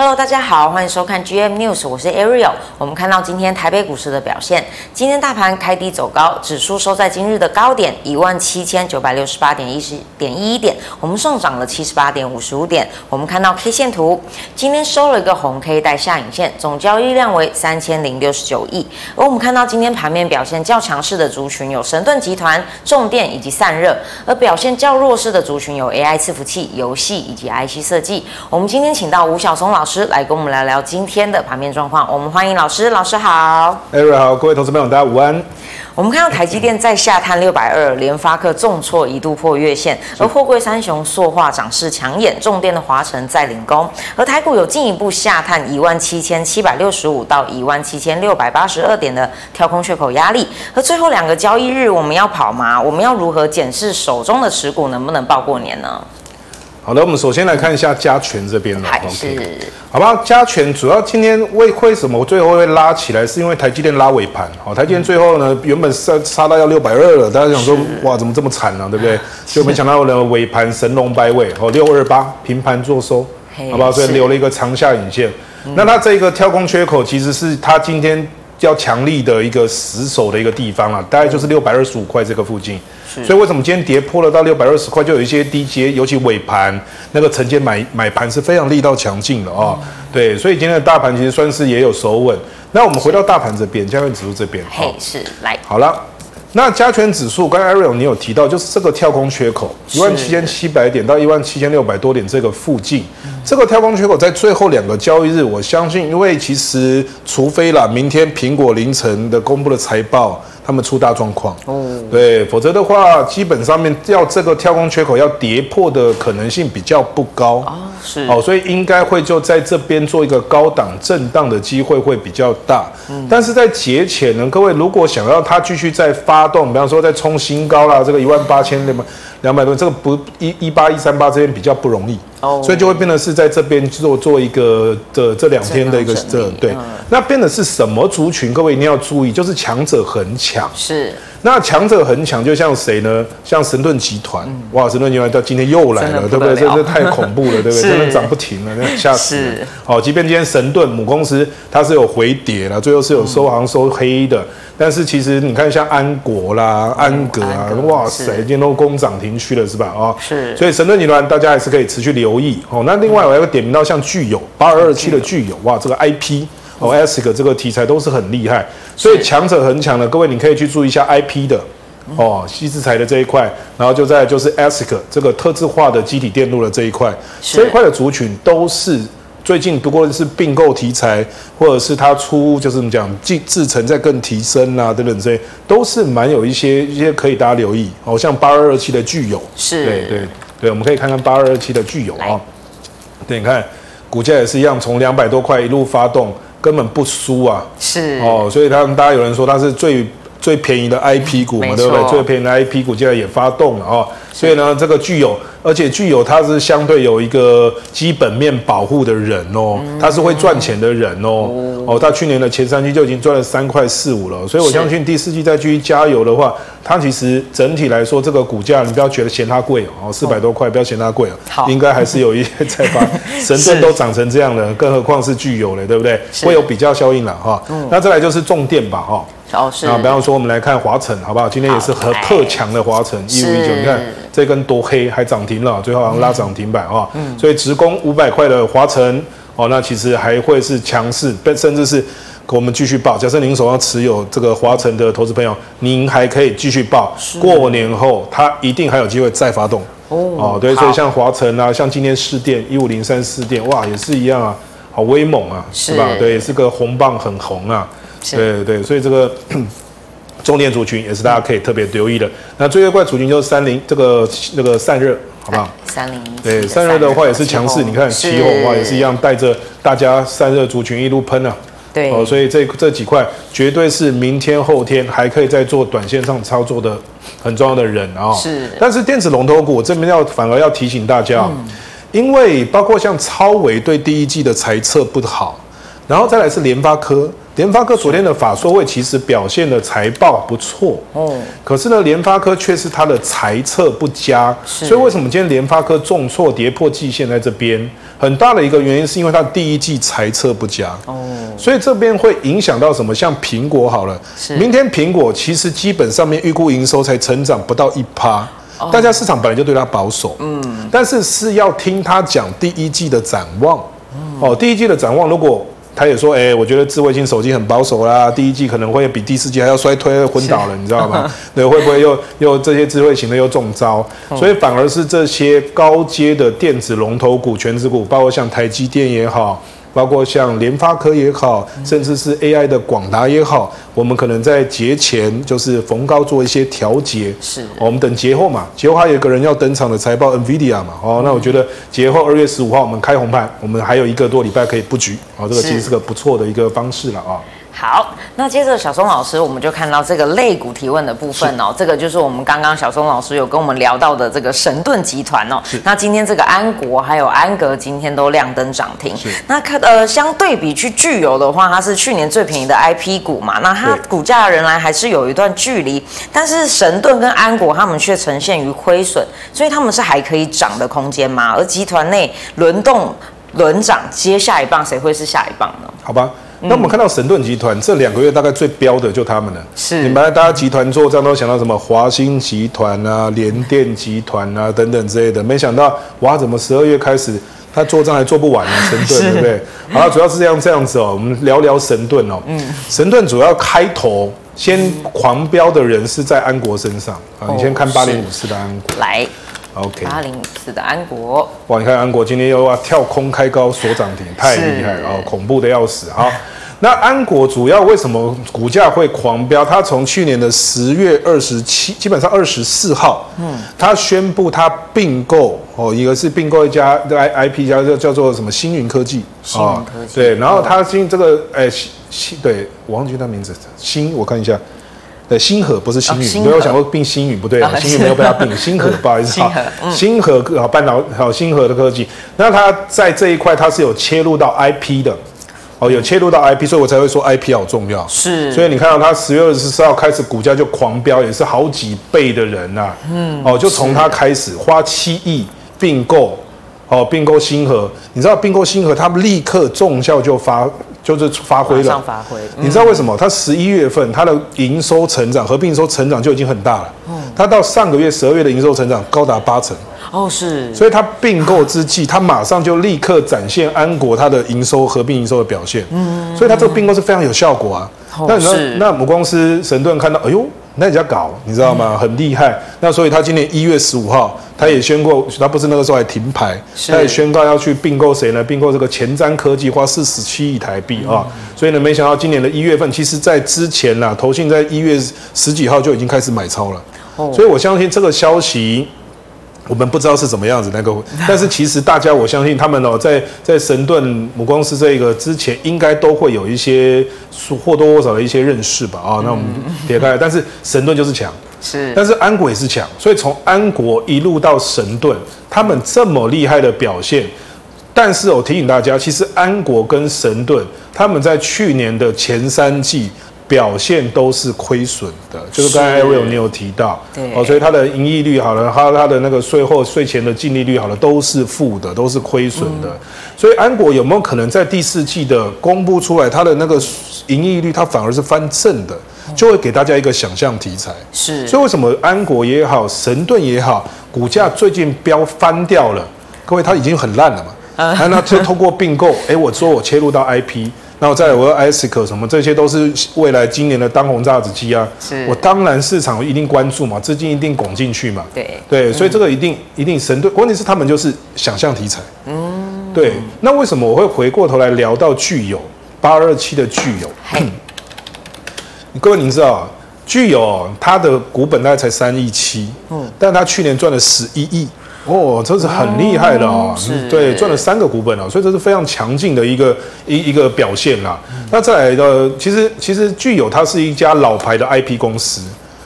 Hello，大家好，歡迎收看 GM News，我是 Ariel。我們看到今天台北股市的表現，今天大盤開低走高，指數收在今日的高點一萬七千九百六十八點一十點一點，我們上漲了七十八點五十五點。我們看到 K 線圖，今天收了一個紅 K 帶下影線，總交易量為三千零六十九億。而我們看到今天盤面表現較強勢的族群有神盾集團、重電以及散熱，而表現較弱勢的族群有 AI 伺服器、遊戲以及 IC 設計。我們今天請到吳曉松老師。師來跟我們聊聊今天的盤面狀況。我們歡迎老師，老師好。哎，各位好，各位同事、朋友，大家午安。我們看到台積電再下探六百二，連發科重挫一度破月線，而貨櫃三雄塑化漲勢搶眼，重電的華城在領功。和台股有進一步下探一萬七千七百六十五到一萬七千六百八十二點的跳空缺口壓力。和最後兩個交易日，我們要跑嗎？我們要如何檢視手中的持股能不能報過年呢？好的，我們首先來看一下加權這邊 OK 好吧？加權主要今天為為什麼最後會拉起來？是因為台積電拉尾盤，好，哦，台積電最後呢，嗯、原本殺殺到要六百二了，大家想說，哇，怎麼這麼慘了，啊，對不對？就沒想到呢，尾盤神龍擺尾，哦，六二八平盤坐收，好吧？所以留了一個長下影線。那它這個跳空缺口，其實是它今天。較強力的一個死守的一個地方了、啊，大概就是六百二十五塊這個附近。所以為什麼今天跌破了到六百二十塊，就有一些低階，尤其尾盤那個承接買買盤是非常力道強勁的哦。對，所以今天的大盤其實算是也有守穩。那我們回到大盤這邊，加權指數這邊，是,邊是,、喔、是來好了。那加權指數，剛才 Ariel 你有提到，就是這個跳空缺口，一萬七千七百點到一萬七千六百多點這個附近。這個跳空缺口在最後兩個交易日，我相信，因為其實除非啦明天蘋果凌晨的公布的財報，他們出大狀況、嗯、對，否則的話，基本上面要這個跳空缺口要跌破的可能性比較不高哦，是哦，所以應該會就在這邊做一個高檔震盪的機會會比較大，但是在節前呢，各位如果想要它繼續再發動，比方說再衝新高了，這個一萬八千兩百兩百多，這個不一一八一三八這邊比較不容易。Oh, 所以就會變得是在這邊做做一個的這兩天的一個這,這對、嗯，那變的是什麼族群？各位一定要注意，就是強者很強。是。那強者很強，就像誰呢？像神盾集團、嗯。哇，神盾集團到今天又來了，對、嗯、不對？這這太恐怖了，對不對？真的漲 不,不停了，嚇死。好，即便今天神盾母公司它是有回跌了，最後是有收紅、嗯、收黑的。但是其實你看，像安國啦、哦、安格啊，格哇塞，今天都攻漲停區了，是吧？啊，是、哦。所以神盾集團大家還是可以持續留意哦。那另外我要點名到像巨有、八二二七的巨有，哇，這個 IP 哦 ASIC 這個題材都是很厲害，所以強者恆強的，各位你可以去注意一下 IP 的哦，矽智財的這一塊，然後就在就是 ASIC 這個特制化的積體電路的這一塊，這一塊的族群都是。最近不過是併購題材，或者是它出就是怎麼講制程在更提升啊等等這些，都是蠻有一些一些可以大家留意。哦，像八二二七的巨有，是，對對對，我們可以看看八二二七的巨有啊、哦。對，你看股價也是一樣，從兩百多塊一路發動，根本不輸啊。是，哦，所以他們大家有人說它是最。最便宜的 IP 股嘛、嗯哦，對不對？最便宜的 IP 股現在也發動了哦，所以呢，這個巨有，而且巨有它是相對有一個基本面保護的人哦、嗯、它是會賺錢的人哦、嗯、哦，它去年的前三季就已經賺了三塊四五了，所以我相信第四季再繼續加油的話，它其實整體來說這個股價，你不要覺得嫌它貴哦，四百多塊、哦、不要嫌它貴哦。應該還是有一些在吧 神盾都漲成這樣的，更何況是巨有了，對不對？會有比較效應了哈、哦嗯。那再來就是重電吧哈。哦哦是啊，比方說我們來看華城，好不好？今天也是和特強的華城，一五一九，你看這根多黑，還漲停了，最後好像拉漲停板啊。嗯，哦、所以直攻五百塊的華城，哦，那其實還會是強勢，被甚至是我們繼續抱。假設您手上持有這個華城的投資朋友，您還可以繼續抱。是，過年後它一定還有機會再發動。哦，哦，對，所以像華城啊，像今天士電一五零三士電，哇，也是一樣啊，好威猛啊，是，是吧？對，也是個紅棒很紅啊。對對，所以這個 重點族群也是大家可以特別留意的。嗯、那最後一塊族群就是三零這個那、這個散熱，好不好？三零對散熱的話也是強勢。你看奇鋐的話也是一樣，帶着大家散熱族群一路噴啊。對、呃、所以這這幾塊絕對是明天後天還可以再做短線上操作的很重要的人啊、哦。是。但是電子龍頭股這邊要反而要提醒大家，嗯、因為包括像超微對第一季的財測不好，然後再來是聯發科。聯發科昨天的法說會其實表現的財報不錯哦，可是呢，聯發科卻是他的財測不佳，所以為什麼今天聯發科重挫跌破季線在這邊？很大的一個原因是因為它第一季財測不佳哦、嗯，所以這邊會影響到什麼？像蘋果好了，明天蘋果其實基本上面預估營收才成長不到一趴、哦，大家市場本來就對它保守，嗯，但是是要聽他講第一季的展望、嗯，哦，第一季的展望如果。他也說：“哎、欸，我覺得智慧型手機很保守啦，第一季可能會比第四季還要衰退，昏倒了，你知道嗎？ 對，會不會又又這些智慧型的又中招？嗯、所以反而是這些高階的電子龍頭股、權值股，包括像台積電也好。”包括像聯發科也好，甚至是 AI 的廣達也好，我們可能在節前就是逢高做一些調節。是、哦，我們等節後嘛，節後還有一個人要登場的財報，NVIDIA 嘛。哦，那我覺得節後二月十五號我們開紅盤，我們還有一個多禮拜可以布局。哦，這個其實是個不錯的一個方式了啊。好，那接着小松老師，我們就看到這個類股提問的部分哦、喔。這個就是我們剛剛小松老師有跟我們聊到的這個神盾集團哦、喔。那今天這個安國還有安格今天都亮燈漲停。那看呃相對比去巨有的話，它是去年最便宜的 I P 股嘛，那它股價仍然還是有一段距離。但是神盾跟安國他們卻呈現於虧損，所以他們是還可以漲的空間嘛。而集團內輪動輪漲接下一棒，誰會是下一棒呢？好吧。嗯、那我們看到神盾集團這兩個月大概最飆的就他們了。是，你本來大家集團做賬都想到什麼華新集團啊、聯電集團啊等等之類的，沒想到哇，怎麼十二月開始他做賬還做不完啊？神盾對不對？好，主要是這樣這樣子哦、喔。我們聊聊神盾哦、喔。嗯。神盾主要開頭先狂飆的人是在安國身上啊、嗯。你先看八零五四的安國、哦、來。O.K. 八零五四的安國，哇！你看安國今天又要跳空開高，鎖漲停，太厲害了、哦，恐怖的要死、哦、 那安國主要為什麼股價會狂飆？它從去年的十月二十七，基本上二十四號，嗯，它宣布它併購哦，一個是併購一家 IP 一家叫叫做什麼星雲科技，星雲科技、哦、對，然後它今這個誒星星，對我忘記他名字，星，我看一下。對，星河不是星宇，沒、哦、有想過併星宇不對啊。星宇沒有被他併，星河，不好意思，星河、嗯，星河好半導好星河的科技，那它在這一塊它是有切入到 IP 的，哦、嗯，有切入到 IP，所以我才會說 IP 好重要，是，所以你看到它十月二十四號開始股價就狂飆，也是好幾倍的人吶、啊，嗯，哦，就從它開始花七億併購，哦，併購星河，你知道併購星河，它立刻綜效就发。就是發揮了，你知道為什麼？他十一月份他的營收成長，合併營收成長就已經很大了。嗯，他到上個月十二月的營收成長高達八成。哦，是。所以他併購之際，他馬上就立刻展現安國他的營收合併營收的表現。嗯，所以他這個併購是非常有效果啊。那你說那母公司神盾看到，哎呦。那比較搞，你知道嗎？嗯、很厲害。那所以他今年一月十五號，他也宣告，他不是那個時候還停牌，他也宣告要去併購誰呢？併購這個前瞻科技，花四十七億台幣啊、嗯哦。所以呢，沒想到今年的一月份，其實，在之前啦，投信在一月十幾號就已經開始買超了。哦、所以我相信這個消息。我們不知道是怎麼樣子那個，但是其實大家我相信他們哦、喔，在在神盾母公司這個之前，應該都會有一些或多或少的一些認識吧啊、喔，那我們撇開來，但是神盾就是強，是，但是安國也是強，所以從安國一路到神盾，他們這麼厲害的表現，但是我提醒大家，其實安國跟神盾他們在去年的前三季。表現都是虧損的，就是剛才 Ariel 你有提到，哦，所以它的營益率好了，還有它的那個稅後、稅前的淨利率好了，都是負的，都是虧損的、嗯。所以安國有沒有可能在第四季的公布出來，它的那個營益率它反而是翻正的，嗯、就會給大家一個想象題材。是，所以為什麼安國也好，神盾也好，股價最近飆翻掉了？各位，它已經很爛了嘛，啊啊、那就通過併購，誒、欸、我說我切入到 IP。那再有 ASIC 什麼，這些都是未來今年的當紅炸子雞啊！是，我當然市場一定關注嘛，資金一定拱進去嘛。對對，所以這個一定、嗯、一定神盾，關鍵是他們就是想象題材。嗯，對。那為什麼我會回過頭來聊到巨有八二七的巨有？嘿，各位，你知道巨有、哦、它的股本大概才三億七，嗯，但它去年賺了十一億。哦，這是很厲害的哦，哦對，賺了三個股本哦。所以這是非常強勁的一個一一個表現啦、啊嗯。那再來的，其實其實巨有它是一家老牌的 IP 公司，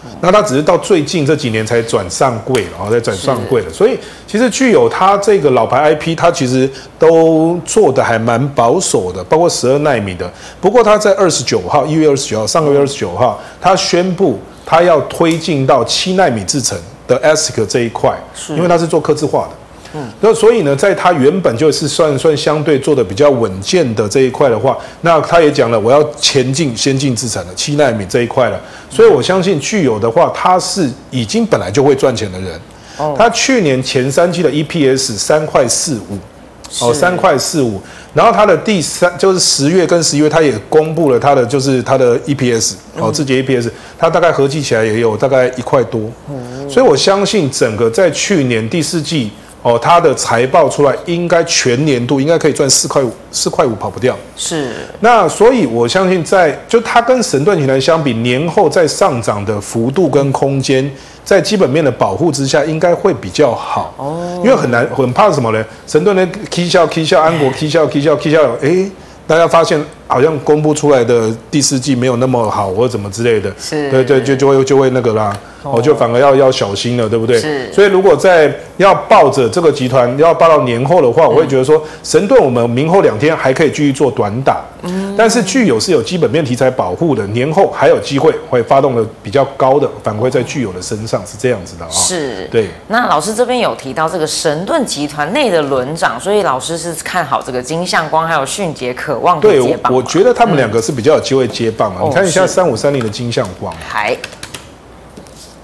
嗯、那它只是到最近這幾年才轉上櫃、哦，然後再轉上櫃的。所以其實巨有它這個老牌 IP，它其實都做的還蠻保守的，包括十二納米的。不過它在二十九號，一月二十九號，上個月二十九號，它宣布它要推進到七納米製程，的 ASIC 這一塊，因為他是做客製化的，嗯，那所以呢，在他原本就是算算相對做的比較穩健的這一塊的話，那他也講了，我要前進先進製程了，七納米這一塊了、嗯，所以我相信巨有的話，他是已經本來就會賺錢的人，哦，他去年前三季的 EPS 三塊四五，哦，三塊四五，然後他的第三、嗯、就是十月跟十一月，他也公布了他的就是他的 EPS 哦，自己 EPS，、嗯、他大概合計起來也有大概一塊多，嗯所以，我相信整個在去年第四季，哦，它的財報出來，應該全年度應該可以賺四塊五，四塊五跑不掉。是。那所以，我相信在就它跟神盾集團相比，年後在上漲的幅度跟空間，在基本面的保護之下，應該會比較好。哦。因為很難，很怕什麼呢？神盾呢，起笑起笑安國起笑起笑起笑，哎，大家發現。好像公布出來的第四季沒有那麼好，或者怎麼之類的，是對對，就就會就會那個啦，我、哦、就反而要要小心了，對不對？是。所以如果在要抱着這個集團要抱到年後的話，我會覺得說神盾，我們明後兩天還可以繼續做短打，嗯，但是巨有是有基本面題材保護的，年後還有機會會發動的比較高的反饋在巨有的身上。是這樣子的啊、哦，是。對，那老師這邊有提到這個神盾集團內的輪漲，所以老師是看好這個晶相光還有迅杰、可望的我覺得他們兩個是比較有機會接棒啊。嗯、你看，一下三五三零的晶相光，廣、哦，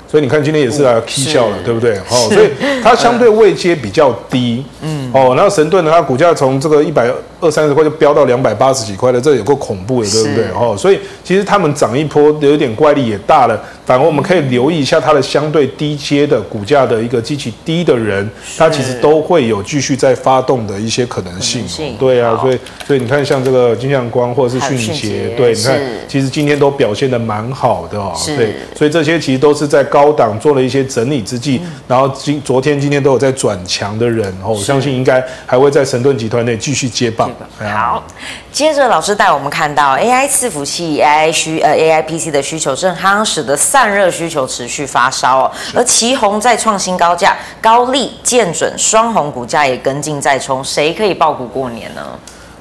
所以你看今天也是啊 K 笑、哦、了，對不對？哦，所以它相對位階比較低。嗯。哦，然後神盾呢，它股價從這個一百二三十塊就飆到兩百八十幾塊了，這有夠恐怖的，對不對？哦，所以其實他們漲一波有一點怪力也大了。反而我們可以留意一下它的相對低階的股價的一個機器低的人，他其實都會有繼續在發動的一些可能性。能性哦、對啊，所以所以你看，像這個金像光或者是迅杰，迅杰對，你看其實今天都表現得蠻好的哦。對，所以這些其實都是在高檔做了一些整理之際，嗯，然後今昨天今天都有在轉強的人哦，我相信。應該還會在神盾集團內繼續接棒。好，接着老師帶我們看到 AI 伺服器 AI 需呃 AIPC 的需求正夯，使得散熱需求持續發燒。而奇鋐再創新高價，高力、建準，雙鴻股價也跟進再衝，誰可以抱股過年呢？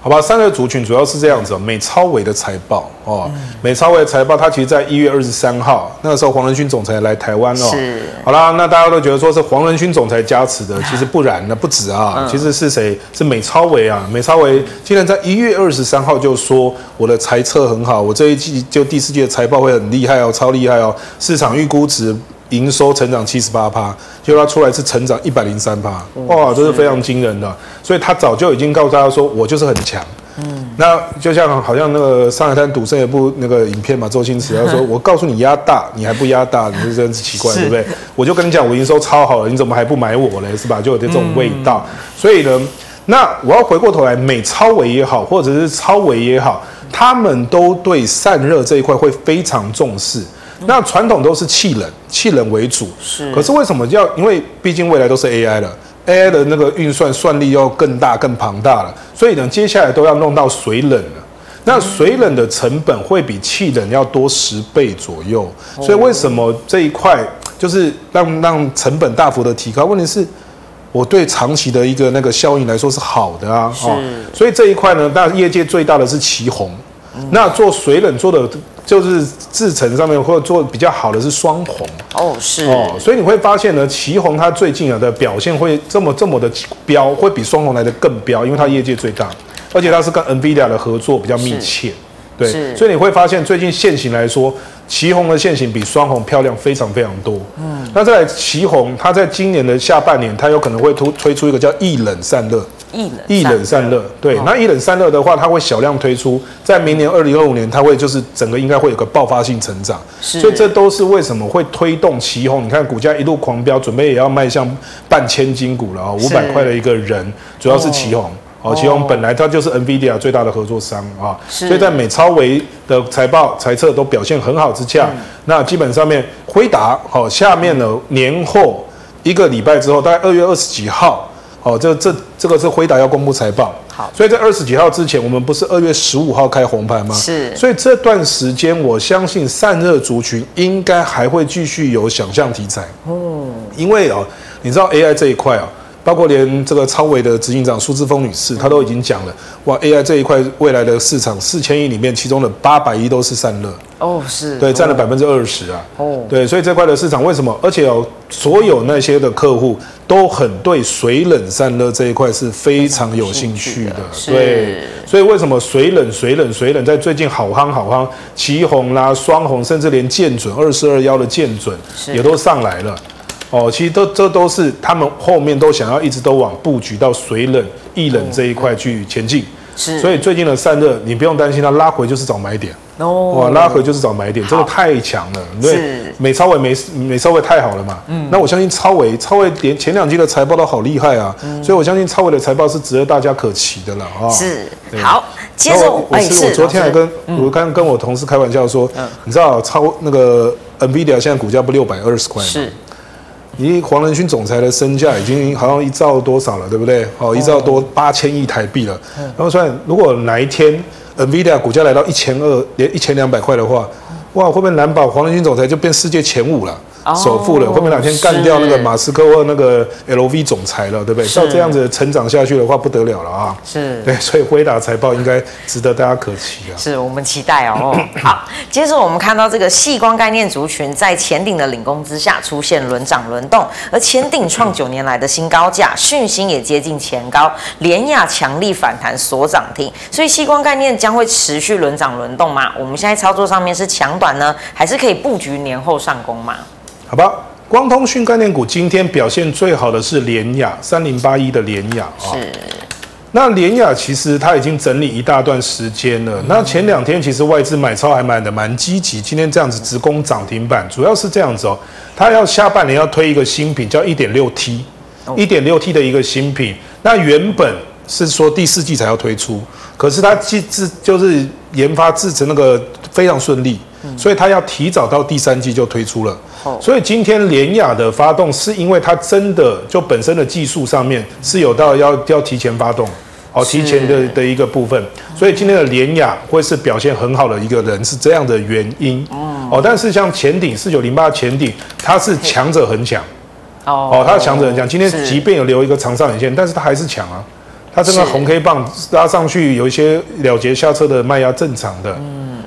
好吧，三個族群主要是這樣子。美超微的財報哦，美超微的財報，哦嗯、美超微的財報它其實在，在一月二十三號那個時候，黃仁勳總裁來台灣哦。好啦，那大家都覺得說是黃仁勳總裁加持的，其實不然，那不止啊，嗯、其實是誰？是美超微啊，美超微竟然在一月二十三號就說我的財測很好，我這一季就第四季的財報會很厲害哦，超厲害哦，市場預估值，營收成長七十八趴，結果他出來是成長一百零三趴，哇，這是非常驚人的。所以他早就已經告訴大家說，我就是很強。嗯，那就像好像那個《上海灘》賭聖有部那個影片嘛，周星馳、嗯、他說：“我告訴你壓大，你還不壓大，你是真是奇怪是，對不對？”我就跟你講，我營收超好了，你怎麼還不買我嘞？是吧？就有這種味道、嗯。所以呢，那我要回過頭來，美超微也好，或者是超微也好，他們都對散熱這一塊會非常重視。那傳統都是氣冷，氣冷為主。是，可是為什麼要？因為畢竟未來都是 AI 了，AI 的那個運算算力要更大，更龐大了，所以呢，接下來都要弄到水冷了。那水冷的成本會比氣冷要多十倍左右，所以為什麼這一塊就是讓讓成本大幅的提高。問題是，我對長期的一個那個效應來說是好的啊。是，哦，所以這一塊呢，那業界最大的是奇鋐。那做水冷做的就是製程上面，或者做比較好的是雙鴻。哦，是哦，所以你會發現呢，奇鋐它最近啊的表現會這麼這麼的飆，會比雙鴻來的更飆，因為它業界最大，而且它是跟 NVIDIA 的合作比較密切，對，所以你會發現最近線型來說，奇鋐的線型比雙鴻漂亮非常非常多。嗯，那在奇鋐，它在今年的下半年，它有可能會推推出一個叫液冷散熱。一冷散熱，一冷散熱，對、哦，那一冷散熱的話，它會小量推出，在明年二零二五年，它會就是整個應該會有個爆發性成長，所以這都是為什麼會推動奇鋐。你看股價一路狂飆，準備也要邁向半千金股了啊、哦，五百塊的一個人，主要是奇鋐，哦，奇、哦、鋐本來它就是 Nvidia 最大的合作商啊、哦哦，所以在美超微的財報財測都表現很好之下，嗯、那基本上面輝達，好、哦，下面的、嗯、年後一個禮拜之後，大概二月二十幾號。哦，這這這個是輝達要公布財報，好，所以在二十幾號之前，我們不是二月十五號開紅盤嗎？是，所以這段時間，我相信散熱族群應該還會繼續有想象題材，哦，因為啊、哦，你知道 AI 這一塊啊、哦。包括連這個超微的執行長蘇姿豐女士，她都已經講了，哇，AI 這一塊未來的市場四千億裡面，其中的八百億都是散熱哦，是、啊、對佔了百分之二十啊，哦，對，所以這塊的市場為什麼？而且哦，所有那些的客戶都很對水冷散熱這一塊是非常有興趣的，對，所以為什麼水冷、水冷、水冷，在最近好夯好夯，奇鋐啦、雙鴻，甚至連建準二四二幺的建準也都上來了。哦，其實都這都是他們後面都想要一直都往布局到水冷、液冷這一塊去前進、嗯，所以最近的散熱，你不用擔心它拉回就是找買點、哦，哇，拉回就是找買點，真、哦、的、這個、太強了，對。美超微美美超微太好了嘛，嗯。那我相信超微超微點前兩季的財報都好厲害啊、嗯，所以我相信超微的財報是值得大家可期的了啊、哦。是，好，接着我我，、欸、我昨天還跟我剛跟我同事開玩笑說，嗯、你知道超那個 Nvidia 現在股價不六百二十塊嗎？是。以黃仁勳總裁的身價已經好像一兆多少了，對不對？哦，一兆多八千億台幣了。嗯。那麼算，如果哪一天 Nvidia 股價來到一千二，連一千兩百塊的話，哇，會不會難保黃仁勳總裁就變世界前五了？首富了，後面兩天幹掉那個馬斯克或那個 L V 總裁了，對不對？照這樣子成長下去的話，不得了了啊！是，對，所以輝達財報應該值得大家可期啊！是我們期待哦、喔咳咳。好，接着我們看到這個矽光概念族群在前鼎的領攻之下出現輪漲輪動，而前鼎創九年來的新高價，訊息也接近前高，聯亞強力反彈鎖漲停，所以矽光概念將會持續輪漲輪動嘛？我們現在操作上面是搶短呢，還是可以布局年後上攻嘛？好吧，光通訊概念股今天表現最好的是聯亞，三零八一的聯亞啊。是。哦、那聯亞其實它已經整理一大段時間了、嗯。那前兩天其實外資買超還買的蠻積極，今天這樣子直攻漲停板，主要是這樣子哦。它要下半年要推一個新品叫一點六 T，一點六 T 的一個新品。那原本是說第四季才要推出，可是它其實就是研發製成那個非常順利。所以他要提早到第三季就推出了，所以今天聯亞的發動是因為它真的就本身的技術上面是有到要要提前發動，哦，提前的的一個部分，所以今天的聯亞會是表現很好的一個人是這樣的原因，哦，但是像前鼎四九零八前鼎，它是強者很強，哦，哦，它強者很強，今天即便有留一個長上影線，但是它還是強啊，它這個紅 K 棒拉上去有一些了結下車的賣壓正常的。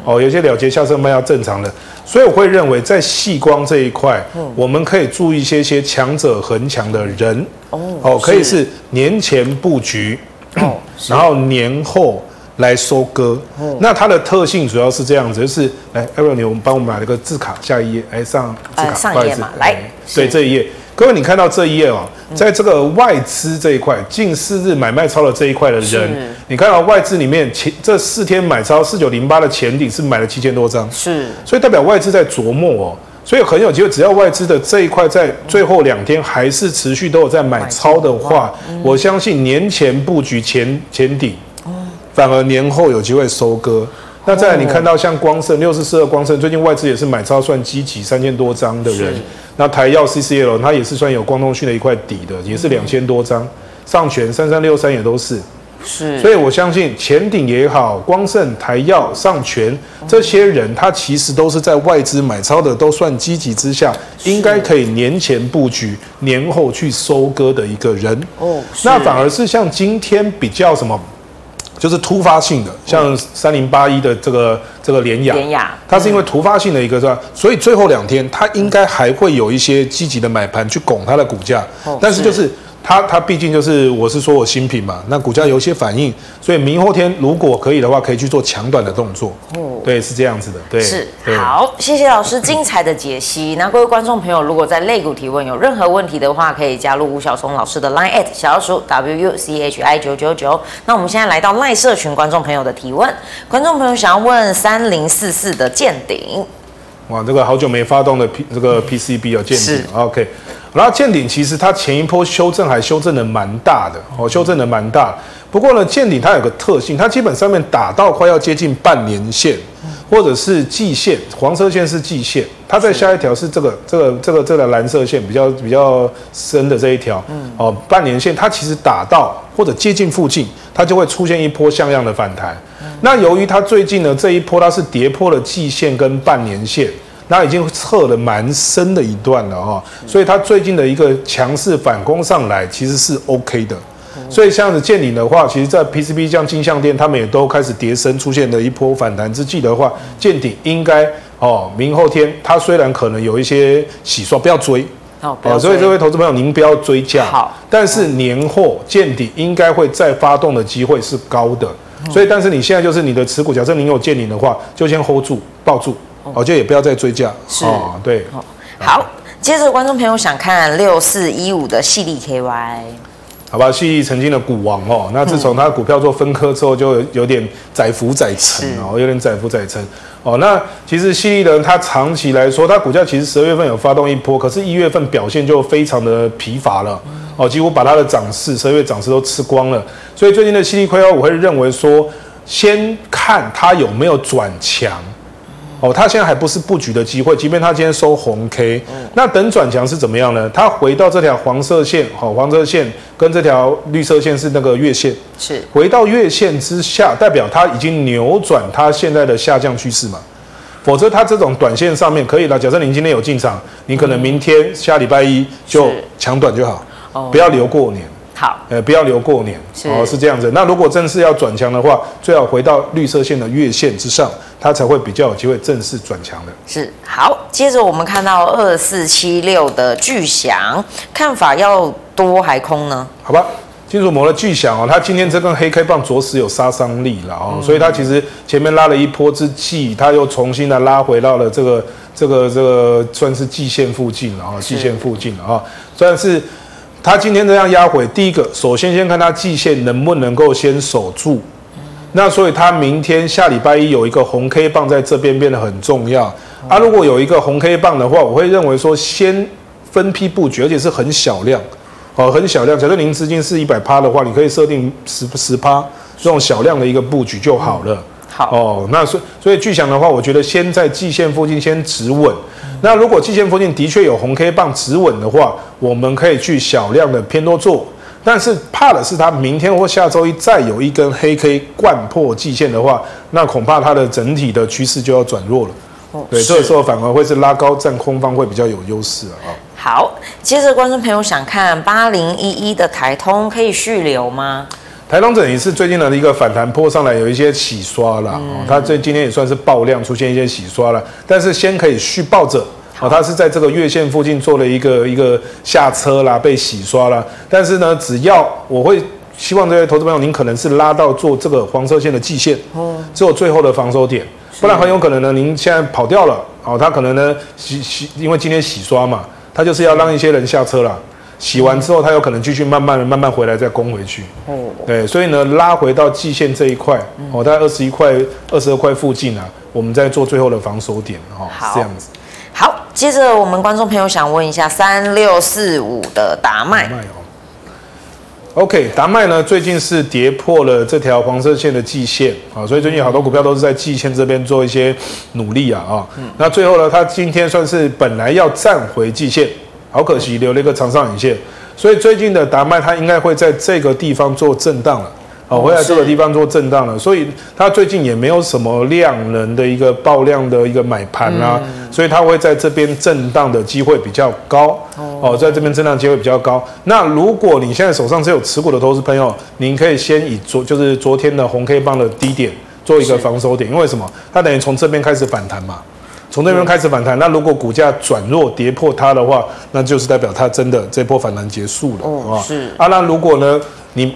哦，有些了結下車賣要正常的，所以我會認為在矽光這一塊，嗯，我們可以注意一些些強者恆強的人哦。哦，可以是年前布局，然後年後來收割。哦，那它的特性主要是這樣子，就是來，Ariel，你我們幫我買了個字卡，下一頁，來上字卡，呃、上一頁嘛不好意思，對這一頁。各位，你看到這一頁哦，在這個外資這一塊，近四日買賣超了這一塊的人，你看到、哦、外資裡面前這四天買超四九零八的前鼎是買了七千多張，是，所以代表外資在琢磨哦。所以很有機會，只要外資的這一塊在最後兩天還是持續都有在買超的話，的話嗯、我相信年前布局前前鼎，反而年後有機會收割。那再來，你看到像光聖六四四二，光聖最近外資也是買超算積極，三千多張的人。那台燿 CCL 它也是算有光通訊的一塊底的，嗯、也是兩千多張，上全三三六三也都是，是，所以我相信前鼎也好，光聖、台燿、上全這些人，他其實都是在外資買超的，都算積極之下，應該可以年前布局，年後去收割的一個人。哦，那反而是像今天比較什麼？就是突發性的，像三零八一的這個、嗯、這個聯亞，亞它是因為突發性的一個是吧、嗯？所以最後兩天它應該還會有一些積極的買盤去拱它的股價、哦，但是就是。它它畢竟就是我是說我新品嘛，那股價有一些反應，所以明後天如果可以的話，可以去做搶短的動作。哦，對，是這樣子的，對，是。好，謝謝老師精彩的解析。 那各位觀眾朋友，如果在類股提問有任何問題的話，可以加入吳曉松老師的 Line at 小老鼠 W U C H I 九九九。那我們現在來到 Line 社群觀眾朋友的提問，觀眾朋友想要問三零四四的健鼎哇，這個好久沒發動的 P 這個 P C B 要健鼎 OK 然後見頂，其實它前一波修正還修正得蠻大的哦，修正得蠻大的。不過呢，見頂它有個特性，它基本上面打到快要接近半年線，或者是季線，黃色線是季線，它再下一條是、這個、是這個、這個、這個、這條、個、藍色線比較比較深的這一條哦，半年線它其實打到或者接近附近，它就會出現一波像樣的反彈。嗯、那由於它最近呢這一波它是跌破了季線跟半年線。那已經測了蠻深的一段了啊、哦，所以它最近的一個強勢反攻上來其實是 OK 的，所以像是見頂的話，其實，在 P C B 這樣金像電，他們也都開始跌升，出現了一波反彈之際的話，見頂應該哦，明後天它雖然可能有一些洗刷，不要追哦，所以這位投資朋友，您不要追價，好，但是年後見頂應該會再發動的機會是高的，所以但是你現在就是你的持股，假設您有見頂的話，就先 hold 住，抱住。哦，就也不要再追價，是啊、哦，對，好，啊、接着觀眾朋友想看六四一五的矽力 KY，好吧，矽力曾經的股王哦，那自從他股票做分科之後，就有點載浮載沉哦，有點載浮載沉哦。那其實矽力人他長期來說，他股價其實十二月份有發動一波，可是，一月份表現就非常的疲乏了、嗯、哦，幾乎把他的漲勢，十二月漲勢都吃光了。所以最近的矽力 KY，我會認為說，先看他有沒有轉強。哦，它現在還不是佈局的機會，即便它今天收紅 K、嗯、那等轉強是怎麼樣呢？它回到這條黃色線，好、哦，黃色線跟這條綠色線是那個月線，是回到月線之下，代表它已經扭轉它現在的下降趨勢嘛？否則它這種短線上面可以了。假設您今天有進場，你可能明天、嗯、下禮拜一就搶短就好，哦，不要留過年。嗯好，呃，不要留過年哦，是這樣子。那如果正式要轉強的話，最好回到綠色線的月線之上，它才會比較有機會正式轉強的。是，好，接着我們看到二四七六的鉅祥，看法要多還空呢？好吧，金屬模的鉅祥哦，它今天這根黑 K 棒着實有殺傷力了哦、嗯，所以它其實前面拉了一波之際，它又重新的拉回到了這個這個、這個、這個算是季線附近了啊、哦，季線附近了啊、哦，算是。他今天這樣壓回，第一個，首先先看他季線能不能夠先守住，那所以他明天下禮拜一有一個紅 K 棒在這邊變得很重要。啊，如果有一個紅 K 棒的話，我會認為說先分批布局，而且是很小量，哦，很小量。假設您資金是一百趴的話，你可以設定十十趴這種小量的一個布局就好了。嗯哦，oh, 那所以所以巨想的話，我覺得先在季線附近先止穩，嗯。那如果季線附近的確有紅 K 棒止穩的話，我們可以去小量的偏多做。但是怕的是它明天或下周一再有一根黑 K 灌破季線的話，那恐怕它的整體的趨勢就要轉弱了。哦，對，這個時候反而會是拉高占空方會比較有優勢啊。好，好，接着觀眾朋友想看八零一一的台通可以續留嗎？台東整也是最近的一個反彈波上來，有一些洗刷了、嗯。哦，它這今天也算是爆量，出現一些洗刷了。但是先可以續抱著，哦，它是在這個月線附近做了一個一個下車啦，被洗刷啦。但是呢，只要我會希望這位投資朋友，您可能是拉到做這個黃色線的季線，哦、嗯，只有最後的防守點，不然很有可能呢，您現在跑掉了。哦，它可能呢洗洗，因為今天洗刷嘛，它就是要讓一些人下車啦。嗯洗完之後，它有可能繼續慢慢、慢慢回來，再攻回去。哦、嗯，對，所以呢，拉回到季線這一塊，哦、喔，大概二十一塊、二十二塊附近啊，我們再做最後的防守點，哈、喔，這樣子。好，接着我們觀眾朋友想問一下，三六四五的達麥。達麥、喔、OK，達麥呢，最近是跌破了這條黃色線的季線啊、喔，所以最近好多股票都是在季線這邊做一些努力啊啊、喔嗯。那最後呢，它今天算是本來要站回季線。好可惜，留了一個長上影線，所以最近的達麥他應該會在這個地方做震盪了，哦，會在這個地方做震盪了，所以他最近也沒有什麼量能的一個爆量的一個買盤啊，所以他會在這邊震盪的機會比較高，哦，在這邊震盪機會比較高。那如果你現在手上只有持股的投資朋友，您可以先以昨就是昨天的紅 K 棒的低點做一個防守點，因為什麼？它等於從這邊開始反彈嘛。從那邊開始反彈、嗯，那如果股價轉弱跌破它的話，那就是代表它真的這波反彈結束了，是、哦、是。啊，那如果呢，你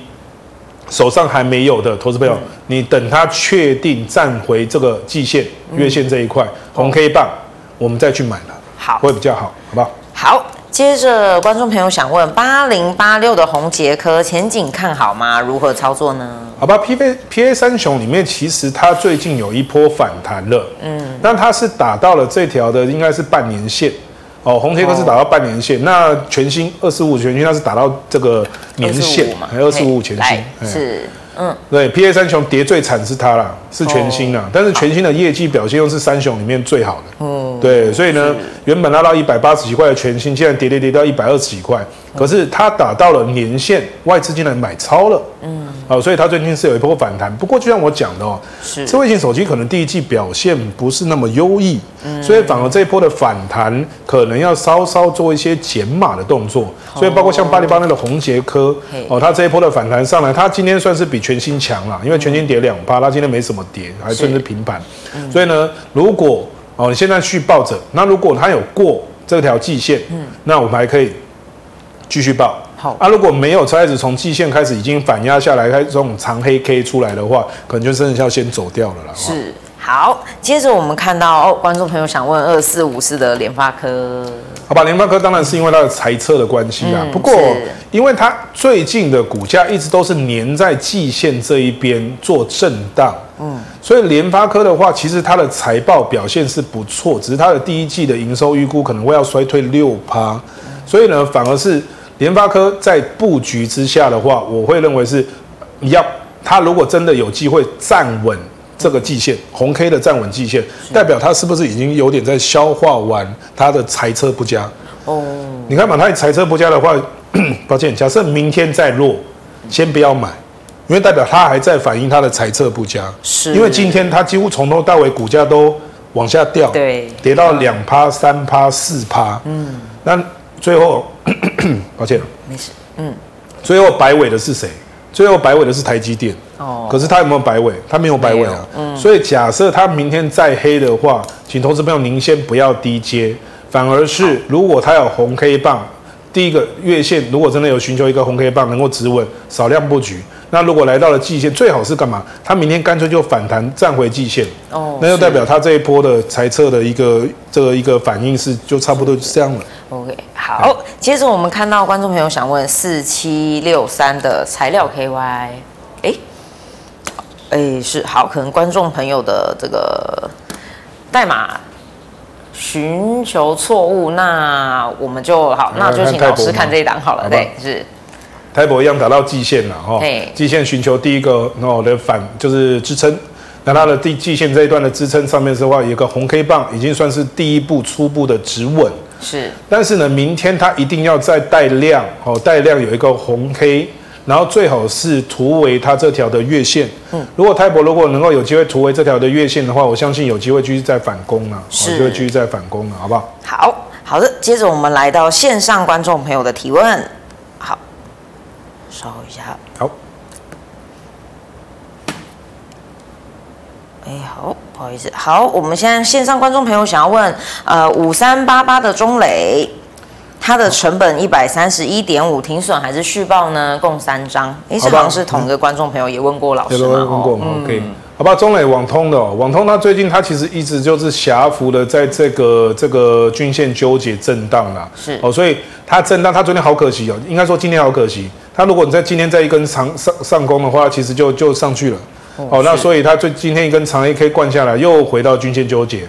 手上還沒有的投資朋友，嗯、你等它確定站回這個季線、嗯、月線這一塊紅 K 棒、哦，我們再去買它，會比較好，好不好？好。接着，觀眾朋友想問：八零八六的宏捷科前景看好嗎？如何操作呢？好吧，P P A 三雄裡面，其實它最近有一波反彈了，嗯，但它是打到了這條的，應該是半年線哦。宏捷科是打到半年線，哦、那全新二四五五全新，它是打到這個年線，還二四五五全新、哎、是。嗯，對，PA 三雄跌最慘是它啦，是全新啦、哦。但是全新的業績表現又是三雄裡面最好的。哦，對，所以呢，原本拉到一百八十幾塊的全新，現在跌跌跌到一百二十幾塊，哦、可是它打到了年線，外資竟然買超了。嗯。哦、所以它最近是有一波反彈，不過就像我講的哦是，智慧型手機可能第一季表現不是那麼優異、嗯，所以反而這一波的反彈可能要稍稍做一些減碼的動作、哦，所以包括像八零八那個宏捷科，哦，它這一波的反彈上來，他今天算是比全新強了、嗯，因為全新跌兩趴，他今天沒什麼跌，還算是平盤、嗯，所以呢，如果哦你現在續抱着，那如果他有過這條季線、嗯，那我們還可以繼續抱。啊，如果沒有車子從季線開始已經反壓下來，開這種長黑 K 出來的話，可能就真的要先走掉了啦。是好，接着我們看到哦，觀眾朋友想問二四五四的聯發科。好吧，聯發科當然是因為它的財測的關係啊、嗯，不過因為它最近的股價一直都是黏在季線這一邊做震盪，嗯，所以聯發科的話，其實它的財報表現是不錯，只是它的第一季的營收預估可能會要衰退六趴、嗯，所以呢，反而是。聯發科在布局之下的話，我會認為是，你要他如果真的有機會站穩這個季線，紅 K 的站穩季線，代表他是不是已經有點在消化完他的財測不佳？哦，你看嘛，他財測不佳的話，抱歉，假設明天再落，先不要買，因為代表他還在反映他的財測不佳。是，因為今天他幾乎從頭到尾股價都往下掉，對，跌到兩趴、三趴、四趴，嗯，那最後。抱歉，沒事。嗯，最後擺尾的是誰？最後擺尾的是台積電。哦，可是他有沒有擺尾？他沒有擺尾啊。嗯，所以假設他明天再黑的話，請投資朋友您先不要低接，反而是如果他有紅 K 棒，啊、第一個月線如果真的有尋求一個紅 K 棒能夠止穩，少量布局。那如果來到了季線，最好是幹嘛？他明天乾脆就反彈站回季線。哦，那又代表他這一波的財測的一個這個一個反應是就差不多就這樣了。OK。好，接着我們看到觀眾朋友想問四七六三的材料 KY，哎、欸，哎、欸、是好，可能觀眾朋友的這個代碼尋求錯誤，那我們就好，那就請老師看這一檔好了看看，對，是。泰博一樣達到季線了哈，季線尋求第一個那的反就是支撐，那它的第季線這一段的支撐上面是的話，有一個紅 K 棒已經算是第一步初步的止穩。是，但是呢，明天它一定要再帶量哦，帶量有一個紅黑，然後最好是突圍它這條的月線。嗯，如果泰博如果能夠有機會突圍這條的月線的話，我相信有機會繼續再反攻了、啊，有機會繼續再反攻了、啊，好不好？好好的，接着我們來到線上觀眾朋友的提問，好，稍候一下，好。哎、欸，好，不好意思，好，我們現在線上觀眾朋友想要問，呃，五三八八的中磊，他的成本一百三十一點五，停損還是續抱呢？共三張，哎、欸，是好，好像是同一個觀眾朋友也問過老師嘛？都問過嘛？OK，好吧，中磊網通的，哦，網通他最近他其實一直就是狹幅的，在這個這個均線糾結震盪啦。是哦，所以他震盪，他昨天好可惜哦，應該說今天好可惜，他如果你在今天在一根長上上，上攻的話，其實就就上去了。哦，那所以他最今天一根長一 K 灌下來，又回到均線糾結。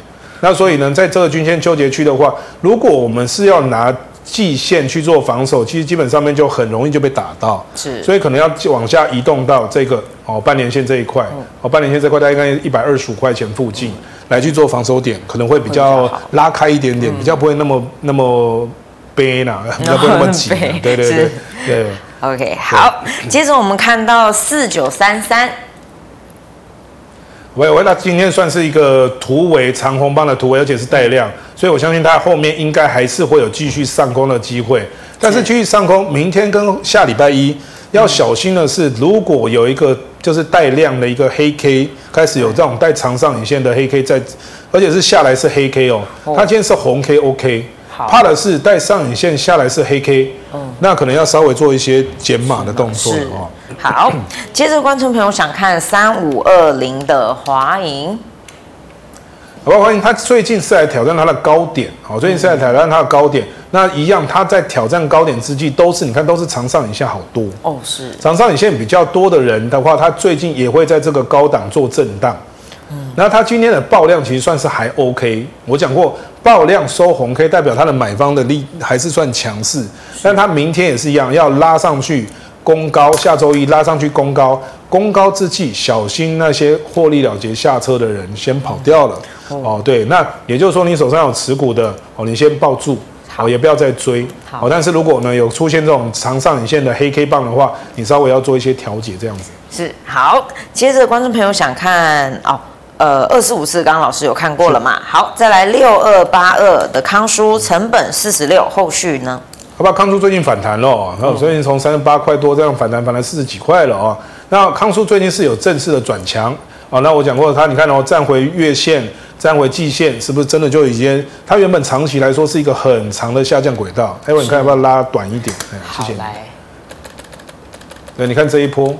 那所以呢，在這個均線糾結區的話，如果我們是要拿季線去做防守，其實基本上面就很容易就被打到。是，所以可能要往下移動到這個哦半年線這一塊，哦,哦半年線這塊大概應該一百二十五塊錢附近、嗯、來去做防守點，可能會比較拉開一點點，比較,嗯、比較不會那麼那麼悲啦，比較不會那麼緊、嗯？對對對,對，對。OK，好，接着我們看到四九三三。喂喂，那今天算是一個突圍長紅棒的突圍，而且是帶量，所以我相信他後面應該還是會有繼續上攻的機會。但是繼續上攻，明天跟下禮拜一要小心的是，如果有一個就是帶量的一個黑 K 開始有這種帶長上影線的黑 K 在，而且是下來是黑 K 哦，它今天是紅 K，OK。啊、怕的是帶上影線下來是黑 K，嗯，那可能要稍微做一些減碼的動作的話。好，接着觀眾朋友想看三五二零的華盈，好吧，華盈，哦，最近是來挑戰他的高點，好，最近是來挑戰他的高點。那一樣，他在挑戰高點之際，都是你看都是長上影線好多哦，是長上影線比較多的人的話，他最近也會在這個高檔做震盪，嗯。那他今天的爆量其實算是還 OK，我講過。爆量收紅可以代表它的買方的力還是算強勢，但它明天也是一樣要拉上去攻高，下週一拉上去攻高，攻高之際小心那些獲利了結下車的人先跑掉了、嗯哦。哦，對，那也就是說你手上有持股的哦，你先抱住好、哦、也不要再追好、哦，但是如果呢有出現這種長上影線的黑 K 棒的話，你稍微要做一些調節，這樣子是好。接着觀眾朋友想看哦。呃，二四五四，剛剛老師有看過了嘛？好，再來六二八二的康舒，成本四十六，後續呢？好不好？康舒最近反彈嘍，那、嗯啊、最近從三十八塊多這樣反彈，反彈四十幾塊了哦。那康舒最近是有正式的轉強哦。那我講過他，他你看哦，站回月線，站回季線，是不是真的就已經？它原本長期來說是一個很長的下降軌道，哎，我你看要不要拉短一點謝謝？好來，對，你看這一波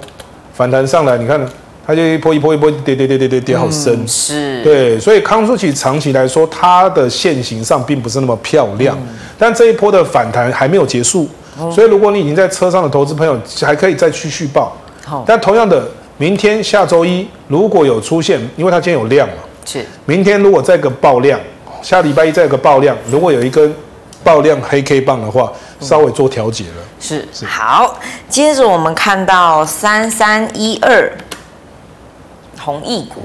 反彈上來，你看呢？它就一波一波一波跌跌跌跌跌，好深、嗯，是，對，所以康舒其長期來說，它的線形上並不是那麼漂亮、嗯，但這一波的反彈還沒有結束、嗯，所以如果你已經在車上的投資朋友，還可以再繼續，續抱、哦。但同樣的，明天下周一如果有出現，因為它今天有量嘛，是，明天如果再一個爆量，下禮拜一再一個爆量，如果有一根爆量黑 K 棒的話，稍微做調節了，嗯、是是好，接着我們看到三三一二。弘憶股，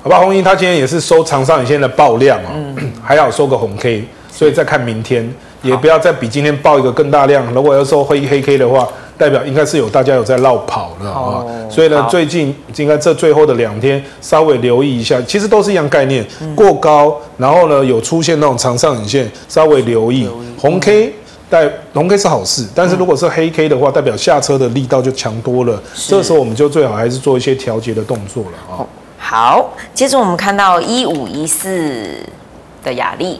好吧，弘憶，它今天也是收長上影線的爆量啊、哦嗯，還好收個紅 K，所以再看明天，也不要再比今天爆一個更大量。如果要收黑黑 K 的話，代表應該是有大家有在落跑了啊。所以呢，最近應該這最後的兩天稍微留意一下，其實都是一樣概念，過高，然後呢有出現那種長上影線，稍微留意，留意紅 K、嗯。在，紅 K 是好事，但是如果是黑 K 的話，嗯、代表下車的力道就強多了是。這時候我們就最好還是做一些調節的動作了啊、哦哦。好，接着我們看到一五一四的亞力，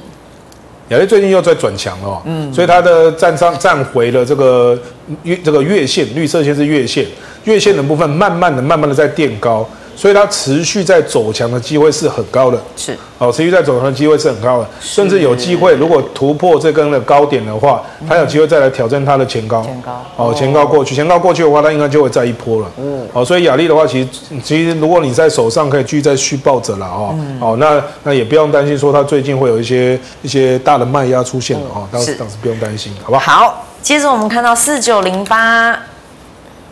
亞力最近又在轉強哦，嗯，所以它的站上站回了這個月這個月線，綠色線是月線，月線的部分慢慢的慢慢的在墊高。所以它持續在走強的機會是很高的，是哦，持續在走強的機會是很高的，甚至有機會，如果突破這根的高點的話，它、嗯、有機會再來挑戰它的前高，前高哦，前高過去，哦、前高過去的話，它應該就會再一波了，嗯，哦，所以雅麗的話，其實其實如果你在手上可以繼續在續抱着了哦、嗯，哦，那那也不用擔心說它最近會有一些一些大的賣壓出現了哦。但、嗯、是暫時不用擔心，好不好？好，接着我們看到四九零八。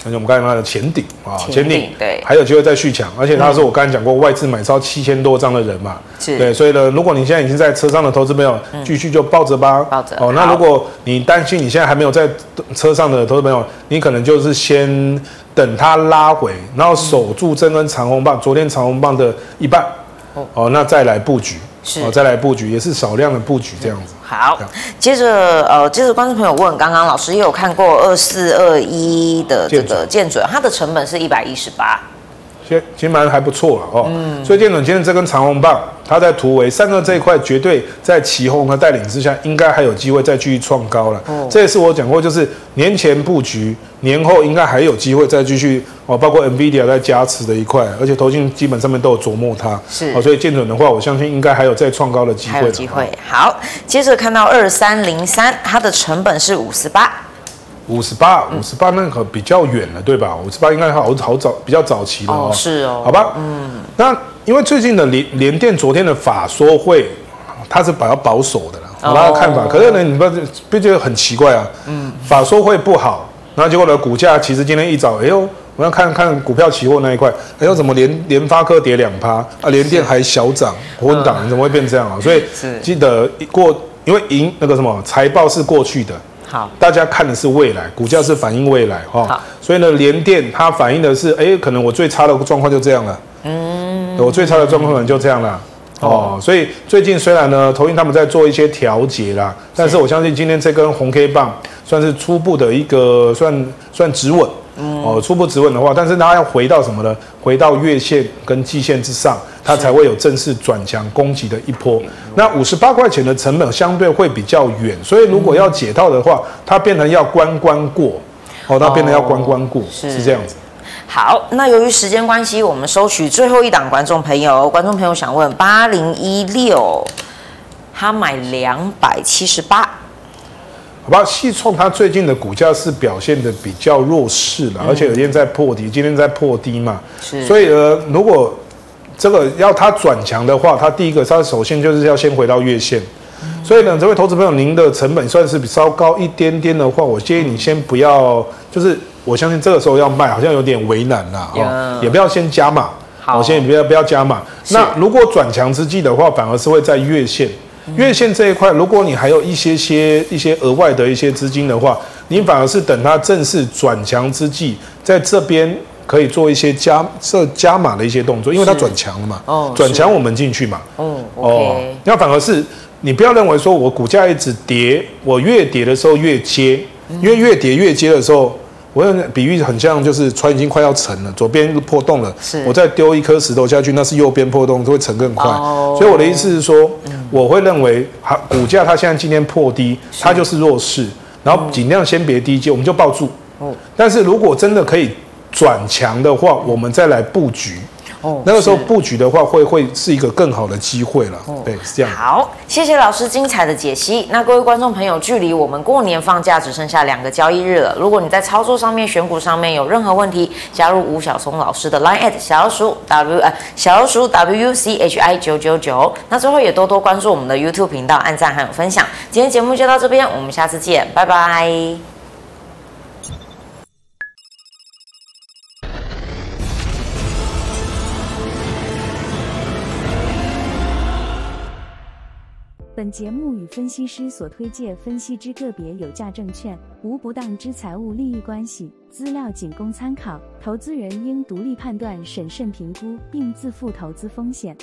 而且我們剛才講的前鼎啊，前鼎，還有機會再續強。而且他是我剛才講過，外資買超七千多張的人嘛、嗯，對，所以呢，如果你現在已經在車上的投資朋友，繼、嗯、續就抱着吧，抱著哦，那如果你擔心你現在還沒有在車上的投資朋友，你可能就是先等他拉回，然後守住這根長紅棒、嗯，昨天長紅棒的一半，哦，那再來佈局。好、哦、再來布局也是少量的布局，這樣子。好，接着呃，接着觀眾朋友問，剛剛老師也有看過二四二一的這個準建準，它的成本是一百一十八，其實蠻還不錯了哦。嗯，所以建準今天這根長紅棒，它在突圍散熱這一塊，絕對在奇鋐的帶領之下，應該還有機會再繼續創高了、嗯。這也是我講過，就是年前布局，年後應該還有機會再繼續。包括 NVIDIA 在加持的一塊，而且投信基本上面都有琢磨它，是、哦、所以建準的話，我相信應該還有再創高的機會。機會好。好，接着看到二三零三，它的成本是五十八，五十八，五十八，那可比較遠了，嗯，對吧？五十八應該好好早，好早，比較早期了哦，哦。是哦，好吧，嗯。那因為最近的聯聯電昨天的法說會，它是比較保守的了，我的看法，哦。可是呢，你不，覺得，很奇怪啊，嗯，法說會不好，那結果呢，股價其實今天一早哎呦。要看看股票期貨那一塊，哎、欸、呦，怎麼聯聯發科跌兩趴啊，聯電還小漲，問漲、嗯、怎麼會變這樣啊？嗯、所以記得過，因為贏那個什麼財報是過去的，好，大家看的是未來，股價是反映未來哈、哦，所以呢，聯電它反映的是，哎、欸，可能我最差的狀況就這樣了，嗯，我最差的狀況可能就這樣了，嗯、哦，所以最近雖然呢，台積電他們在做一些調節啦，但是我相信今天這根紅 K 棒算是初步的一個算算止穩。嗯、哦，初步質問的話，但是它要回到什麼呢？回到月線跟季線之上，它才會有正式轉強攻擊的一波。那五十八塊錢的成本相對會比較遠，所以如果要解套的話，它變成要關關過。哦，它變成要關關過，哦、是，是這樣子。好，那由於時間關係，我們收取最後一檔觀眾朋友。觀眾朋友想問八零一六，8016，他買兩百七十八。好吧，系統它最近的股價是表現的比較弱勢了、嗯，而且昨天在破底，今天在破低嘛。所以呃，如果這個要它轉強的話，它第一個它首先就是要先回到月線。嗯、所以呢，這位投資朋友，您的成本算是稍高一點點的話，我建議你先不要、嗯，就是我相信這個時候要賣，好像有點為難了啊、yeah. 哦，也不要先加碼。好，我建議不要不要加碼。那如果轉強之際的話，反而是會在月線。月線這一塊，如果你還有一些些一些額外的一些資金的話，你反而是等它正式轉強之際，在這邊可以做一些加這加碼的一些動作，因為它轉強了嘛。轉強、哦、我們進去嘛、嗯 okay。哦，那反而是你不要認為說我股價一直跌，我越跌的時候越接，因為越跌越接的時候，我有比喻很像就是船已經快要沉了，左邊破洞了，我再丟一顆石頭下去，那是右邊破洞就會沉更快。Oh, okay. 所以我的意思是說。我會認為，它股價它現在今天破低，它就是弱勢，然後盡量先別低接，我們就抱住。但是如果真的可以轉強的話，我們再來布局。Oh, 那個時候布局的話會，會會是一個更好的機會了。Oh. 對，是這樣。好，謝謝老師精彩的解析。那各位觀眾朋友，距離我們過年放假只剩下兩個交易日了。如果你在操作上面、選股上面有任何問題，加入吳曉松老師的 Line at 小老鼠 W、呃、小老鼠 W C H I 九九九。那最後也多多關注我們的 YouTube 頻道，按讚還有分享。今天節目就到這邊，我們下次見，拜拜。本節目與分析師所推介分析之個別有價證券無不當之財務利益關係，資料僅供參考，投資人應獨立判斷、審慎評估，並自負投資風險。